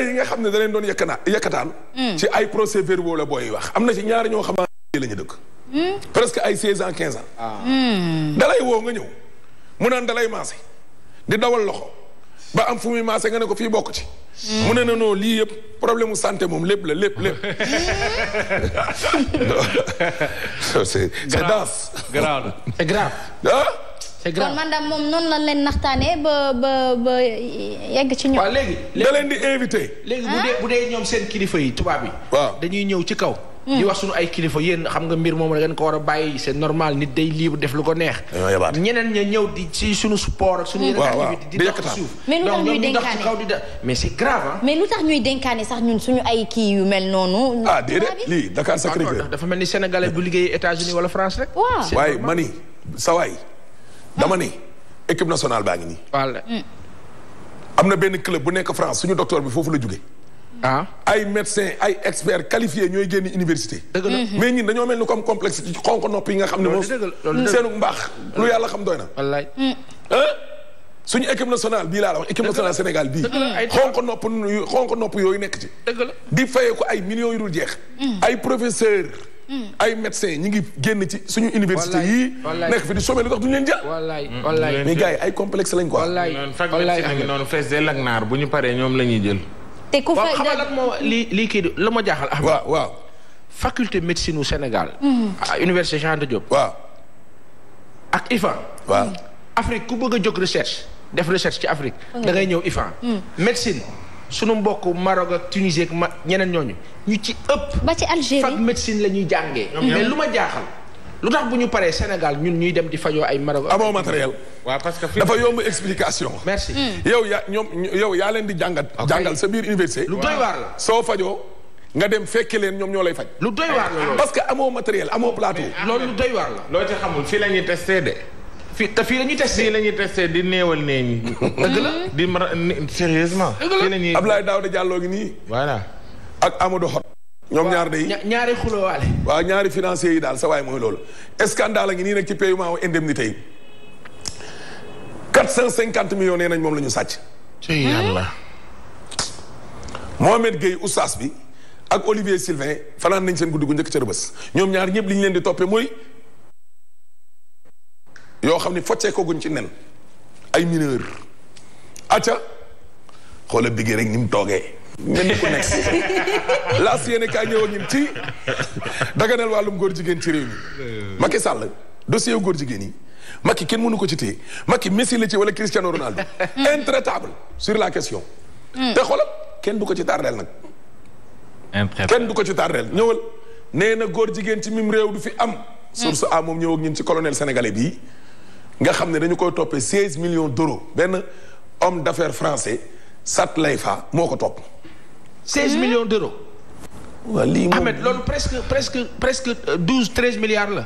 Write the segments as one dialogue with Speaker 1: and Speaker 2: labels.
Speaker 1: yi nga xam ne da leen doon yekkanaa yekkataan hmm. ci ay procès verbaux la booy wax am na ci ñaari ñoo xamante ne la ñu dëkk hmm. presque ay seize ans quinze ans ah. hmm. dalay woo nga ñëw mu naan dalay maase di dawal loxo ba am fu muy maase nga ne ko fii bokk ci mu ne na non lii yëpp problème mu santé moom lépp la lépp lépp c'est c'est grave c'est grave kon man daal moom noonu lañ leen naxtaanee ba ba ba yegg ci ñoom. waaw léegi da di invité. léegi bu dee bu dee ñoom seen kilifa yi tubaab yi. waaw dañuy ñëw ci kaw. Hmm. wax sunu ay kilifa yéen xam nga mbir moom la ko war a bàyyi c'est normal nit day libre def lu ko neex. ñeneen ña ñëw di ci sunu sport ak sunu hmm. yeneen di dox ci suuf mais lu tax ñuy dénkaane kaw di da mais c'est mais lu tax ñuy dénkaane sax ñun suñu ay kii yu mel noonu. ah déedéet lii Dakar Sacré-Cœur dafa mel ni sénégalais bu liggéey États-Unis wala France rek. waaw waaye mani sawaay dama ne équipe nationale baa ngi nii. Hmm. am na benn club bu nekk France suñu docteur bi foofu la jóge ah ay médecins ay experts qualifiés ñooy génn université. dëgg la mais ñun dañoo mel ni comme complexe ci xonk nopp yi nga xam ne moom. seenu mbaax lu yàlla xam doy na. wallaay. Hmm. Eh? suñu équipe nationale bii laa la wax équipe nationale Sénégal bii. xonk nopp yooyu nekk ci. dëgg di fayee ko ay million yu dul jeex. Hmm. ay professeurs. ay médecins ñi ngi génn ci suñu université yii. nekk fi di sommer lu tax duñu leen jël. wallaay wallaay yi ay complexe lañ quoi. wallaay wallaay noonu noonu Fesdel ak Naar bu ñu paree ñoom la ñuy jël. te ku fay xam nga kii la ma jaaxal. waaw waaw faculté médecine wu Sénégal. Mhm. à université Cheikh Anta Diop. ak IFAN. waaw Afrique ku bëgg a jóg recherche def recherche ci Afrique. da ñëw IFAN. Mhm. médecine. sunu mbokk Maroc ak Tunisie ak ma ñeneen ñooñu ñu ci ëpp. ba ci Algérie médecine la ñuy jàngee. mais lu ma jaaxal. lu tax bu ñu paree Sénégal ñun ñuy dem di fajoo ay Maroc. amoo matériel. waaw parce que dafa yomb explication. merci hmm. yow yaa ñoom yow yaa leen di jàngat. jàngal sa biir université. lu doy waar la soo fajoo. nga dem fekke leen ñoom ñoo lay faj. lu doy waar la parce que amoo matériel amoo plateau. loolu lu doy waar la. loo ci xamul fii la ñuy testé de. fii te fii la ñuy testé. fii la ñuy testé di néewal nee ñi. dëgg la di mar sérieusement. dëgg la fii Abdoulaye Daouda Diallo ngi nii. voilà ak Amadou Hott. ñoom ñaar de yi ñaari xulóowaale. waaw ñaari financiers yi daal sa waay mooy loolu. scandale a ngi nii nag ci paiement wu indemnité yi. 450 millions nee nañ moom la sàcc. ci yàlla. Mohamed Gueye oustaz bi ak Olivier Sylvain fanaan nañ seen guddi gu njëkk ca Rebeuss ñoom ñaar ñëpp li ñu leen di toppee mooy. yoo xam ni foccee ko guñ ci nen ay mineur acca xoola bigee rek ni toogee
Speaker 2: mel ni ku nekk
Speaker 1: laas yéene kaa ñëw ñun ci daganal wàllum góor jigéen ci réew mi euh. Macky Sall dossier góor jigéen yi Macky kenn mënu ko ci téye Macky Messi la ci wala Cristiano Ronaldo mm. intraitable sur la question mm. te xoolal kenn du ko ci tardeel nag kenn du ko ci tardeel ñëwal nee na góor jigéen ci mim réew du fi am mm. source a moom ñëw ak ñun ci colonel sénégalais bii nga xam ne dañu koy toppee 16 millions d'euros benn homme d'affaires français Satlayfa moo ko topp. 16 millions d'euros. waa lii moom loolu presque presque presque 12 euh, 13 milliards la.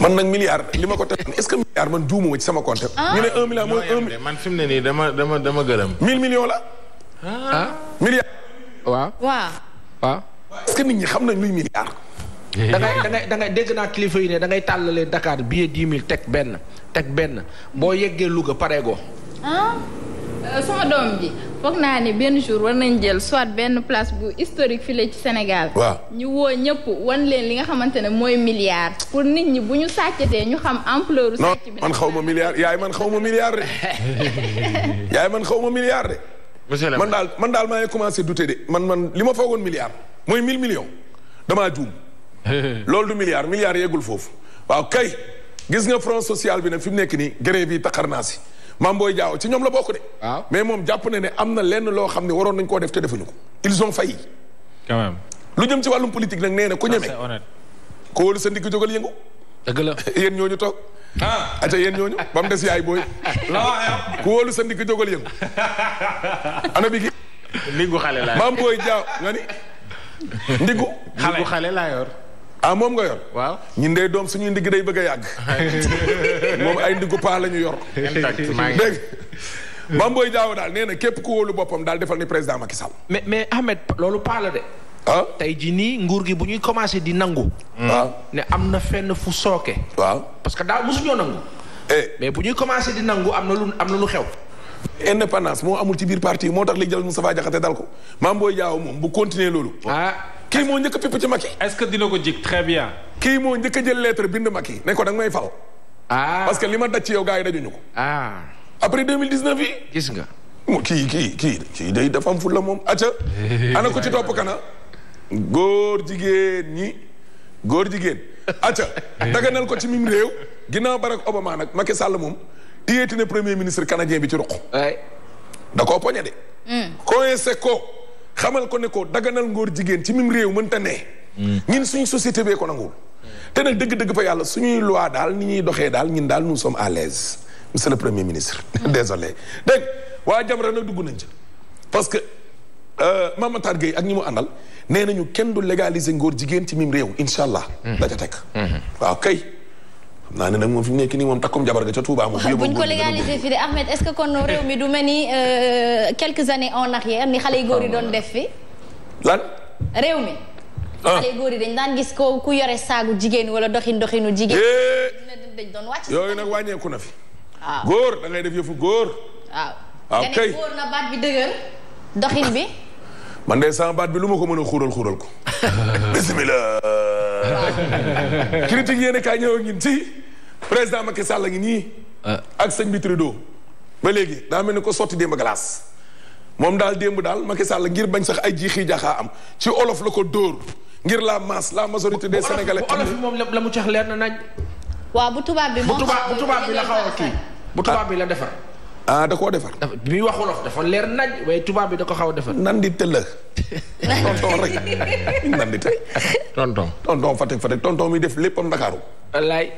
Speaker 1: man nag milliard li ma ko teg est-ce que milliard man juumuma ci sama compte. Ah. ñu ne milliard mooy 1. man fi mu ne nii dama dama dama gërëm. 1000 millions la. ah milliard. waaw waaw. waaw est nit ñi xam nañ luy milliard. Eh. da ngay da ngay dégg naa kilifa yi ne da ngay tàllalee Dakar billet dix mille teg benn teg benn boo yeggee Louga pare ah euh, sama doom ji foog naa ni benn jour war nañ jël soit benn place bu historique fii ci Sénégal. waaw ñu woo ñëpp wan leen li nga xamante ne mooy milliard. pour nit ñi bu ñu sàccatee ñu xam ampleur. sàcc bi non xaw ma milliard yaay man xaw ma milliard de. yaay man xaw ma milliard de. man daal man daal maa ngi commencé douter de man man li ma foogoon milliard mooy mille millions damaa loolu du milliard milliard yeegul foofu waaw kay gis nga front social bi nag fi mu nekk nii grève yi taxar naa si maam booy jaaw ci ñoom la bokk de. mais moom jàpp na ne am na lenn loo xam ne waroon nañ koo def te defuñu ko. ils ont failli. lu jëm ci wàllum politique nag nee na ku ñeme. c'est honnête. ko wóolu sa ndigg jógal yëngu. dëgg la yéen ñooñu toog. ah ata yéen ñooñu ba mu des yaay booy. la ku wóolu sa ndigg jógal yëngu. ana bi gi. ndiggu xale laa yor maam booy laa yor. ah moom nga yor. waaw ñun de doom suñuy ndigg day bëgg a yàgg. moom ay ndiggu paa la ñu yor. dégg Mame Boye Diao daal nee na képp ku wóolu boppam daal defal ni président Macky Sall. mais mais Ahmed loolu paa la ah? tey jii nii nguur gi bu ñuy commencé di nangu. waaw ah. ah. am na fenn fu sooke. waaw parce que daa mosuñoo nangu. Eh. mais bu ñuy commencé di nangu am na lu am na lu xew. indépendance moo amul ci biir parti moo tax li jël Moustapha Diakhaté dal ko Mame Boye moom bu continuer loolu. ah. kii moo njëkk a pipp ci Macky. est-ce que dina ko jig très bien. kii moo njëkk a jël lettre bind Macky ne ko danga may fal. Ah. parce que li ma daj ci yow gars yi dajuñu ko. ah après 2019 yi. gis nga. kii kii kii kii day dafa am fulla moom acca eh. ana ko ci topp kana góor jigéen ñi góor jigéen acca eh. daganal ko ci mim réew ginnaaw Barack Obama nag Macky Sall moom téyeeti ne premier ministre canadien bi ci ruq da koo poñe de hmm. coincé ko xamal ko ne ko daganal ngóor jigéen ci mim réew mënta ne ñun suñu société bee ko nanguwul te nag dëgg-dëgg fa yàlla suñuy loi daal ni ñuy doxee daal ñun daal nous sommes à l'aise monsieur le premier ministre désolé dégg waa Jamra nag dugg nañ ci parce que euh, Mame Matar Gueye ak ñi mu àndal nee nañu kenn du légaliser ngóor jigéen ci mim réew incha allah daja hmm. teg hmm. waaw kay xam naa ne nag moom fi mu nekk nii moom takkum jabar ga ca Touba moom. buñ ko légalisé fii de Ahmed est-ce que kon réew mi du mel ni euh, quelques années en arrière ni xale yu góor yi doon def fi. lan. réew mi. Ah. xale góor yi dañ daan gis ko ku yore saagu jigéen wala doxin doxinu jigéen. Eh. dañ doon wàcc. yooyu nag wàññeeku na fi. waaw ah. góor da ngay def yëfu góor. waaw ah. waaw góor na baat bi dëgër doxin bi. man de sama baat bi lu ma ko mën a xuural xuural ko. bisimilah. critique yéen président Macky Sall ngi nii. Euh. ak sëñ bi doo ba léegi daa mel ni ko sotti démb glace moom daal démb daal Macky Sall ngir bañ sax ay jiixi jaxaa am ci olof la ko dóor ngir la masse la majorité des sénégalais. bu olof moom la mu cax leer na nañ. waaw bu tubaab bi moom bu tubaab bi la xaw kii bu tubaab bi la defar. ah da koo defar. dafa bi wax olof dafa leer nañ waaye tubaab bi da ko xaw a defar. nan di tëll. tonton rek nan di tey. tonton tonton Fatick Fatick tonton mi def léppam Ndakaaru. wallaay.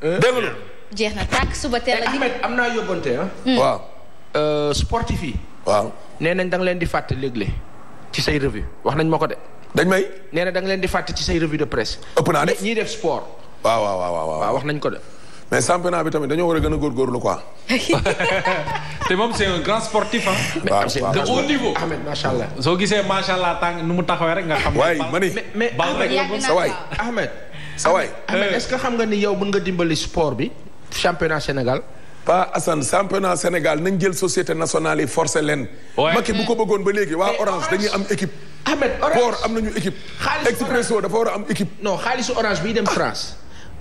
Speaker 1: dégg nga. jeex na tàkk suba teel a. Eh, am naa yóbbante ah. Hmm. waaw. Euh, sportif yi. waaw nee nañ da leen di fàtte léegle ci say revue wax nañ ma ko de. dañ may. nee na da leen di fàtte ci say revue de presse. ëpp naa def ñiy def sport. waaw waaw waaw waaw wax nañ ko de. mais championnat bi tamit dañoo war a gën a góorgóorlu quoi. te moom seen un grand sportif ah. waaw waaw de haut niveau. Ahmed macha allah. soo gisee macha allah tàng nu mu taxawee rek nga xam. waay ma ni mais mais Ahmed. Ah sa ah, waay euh. est-ce que xam nga ni yow mën nga dimbali sport bi championnat Sénégal. Pa Assane championnat Sénégal nañ jël société nationale yi forcé leen. Macky bu ko bëggoon ba léegi waa Orange dañuy am équipe. Ahmed Orange am nañu équipe. Expresso dafa war a am équipe. non xaalisu Orange biy dem ah. France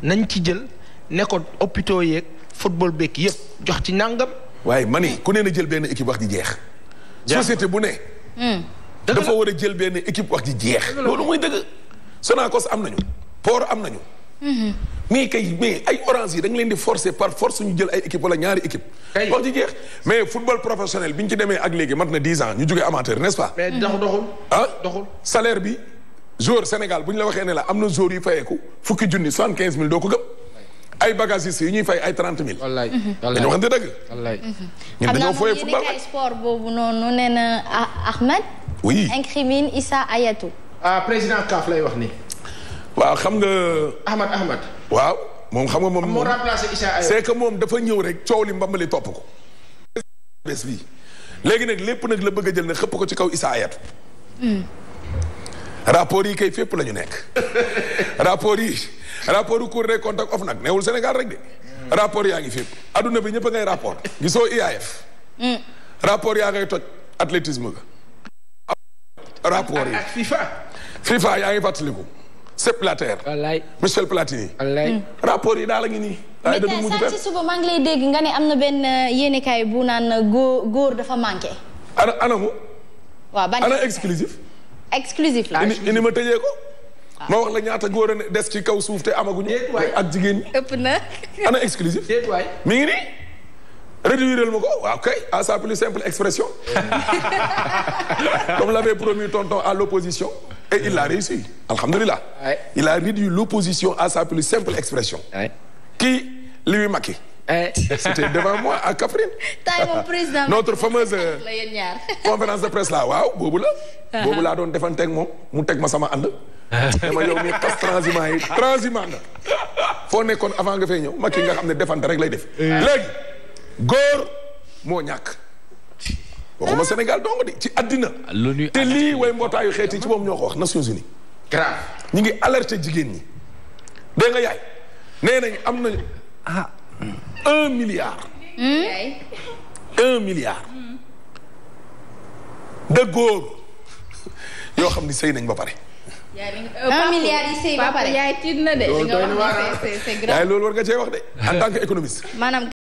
Speaker 1: nañ ci jël ne ko hôpitaux yeeg football beeg yëpp jox ci nangam. waaye ma ni ku ne na jël benn équipe wax ji jeex. société bu ne. Hmm. dafa war a jël benn équipe wax ji jeex. loolu mooy dëgg Sonacos am nañu. or am nañu. Mm-hmm. mais kay mais ay orange yi da nga leen di forcer par force ñu jël ay équipe wala ñaari équipe wax ci jeex mais football professionnel bi ñu ci demee ak léegi mat na dix ans ñu jógee amateur nest pas. mais mm-hmm. doxul ah? bi joueur Sénégal bu ñu la waxee ne la am na joueur yu fayeeku fukki junni soixante quinze mille doo ko gëm. ay bagages yi ñuy fay ay trente mille. wallaay mm-hmm. wallaay dañu waxante dëgg. wallaay
Speaker 2: ñun dañoo fooyee football xam naa
Speaker 1: sport boobu noonu na ah, Ahmed. oui incrimine Issa Ayatou. ah président lay wax nii. waaw xam nga. Ahmad Ahmad. waaw moom xam nga moom. moo remplacé Issa moom dafa ñëw rek coow li mbambali topp ko. bi léegi nag lépp nag la bëgg a jël nag xëpp ko ci kaw Issa Hayatou. Hmm. rapport yi kay fépp lañu ñu nekk. rapport yi rapport yu Cour des comptes ak OFNAC neewul Sénégal rek de. rapport yaa ngi fépp adduna bi ñëpp a ngay rapport gisoo IAF. Hmm. rapport yaa ngay toj athlétisme ga. rapport yi FIFA. FIFA yaa ngi fàttaliku. c'est la wallaay Michel Platini. wallaay hmm. rapport yi daal a ngi nii. mais tey si suba maa ngi lay dégg nga ne am na benn uh, yéenekaay bu naan uh, góor góor dafa manqué. ana ana mu. waaw ban ana exclusif. exclusif la ma tëjee ko. Ah. ma wax la ñaata góor a des ci kaw suuf te amaguñu. ak jigéen ñi. ëpp na. ana exclusif. mi ngi nii. réduire ma ko waaw kay à sa plus simple expression. comme l'avait promis tonton à l'opposition et il a réussi alhamdulilah. il a réduit l'opposition à sa plus simple expression. qui lui Macky. c'était devant moi à Kaffrine. notre fameuse euh, conférence de presse là waaw boobu la. Ah. boobu laa doon defanteeg moom mu teg ma sama ànd. dama yow mi tas transhumant yi transhumant nga. foo nekkoon avant nga fay ñëw Macky nga xam ne defante rek lay def. léegi góor moo ñàkk. waxuma Sénégal dong de ci àddina te lii way mbootaayu xeet yi ci moom ñoo ko wax Nations Unies grave ñu ngi alerter jigéen ñi dégg yaay nee am na ah un milliard hmm? un milliard de góor yoo xam ni sëy nañ ba pare un milliard yi sëy ba pare yaay na de yaay loolu war nga cee wax de en tant que économiste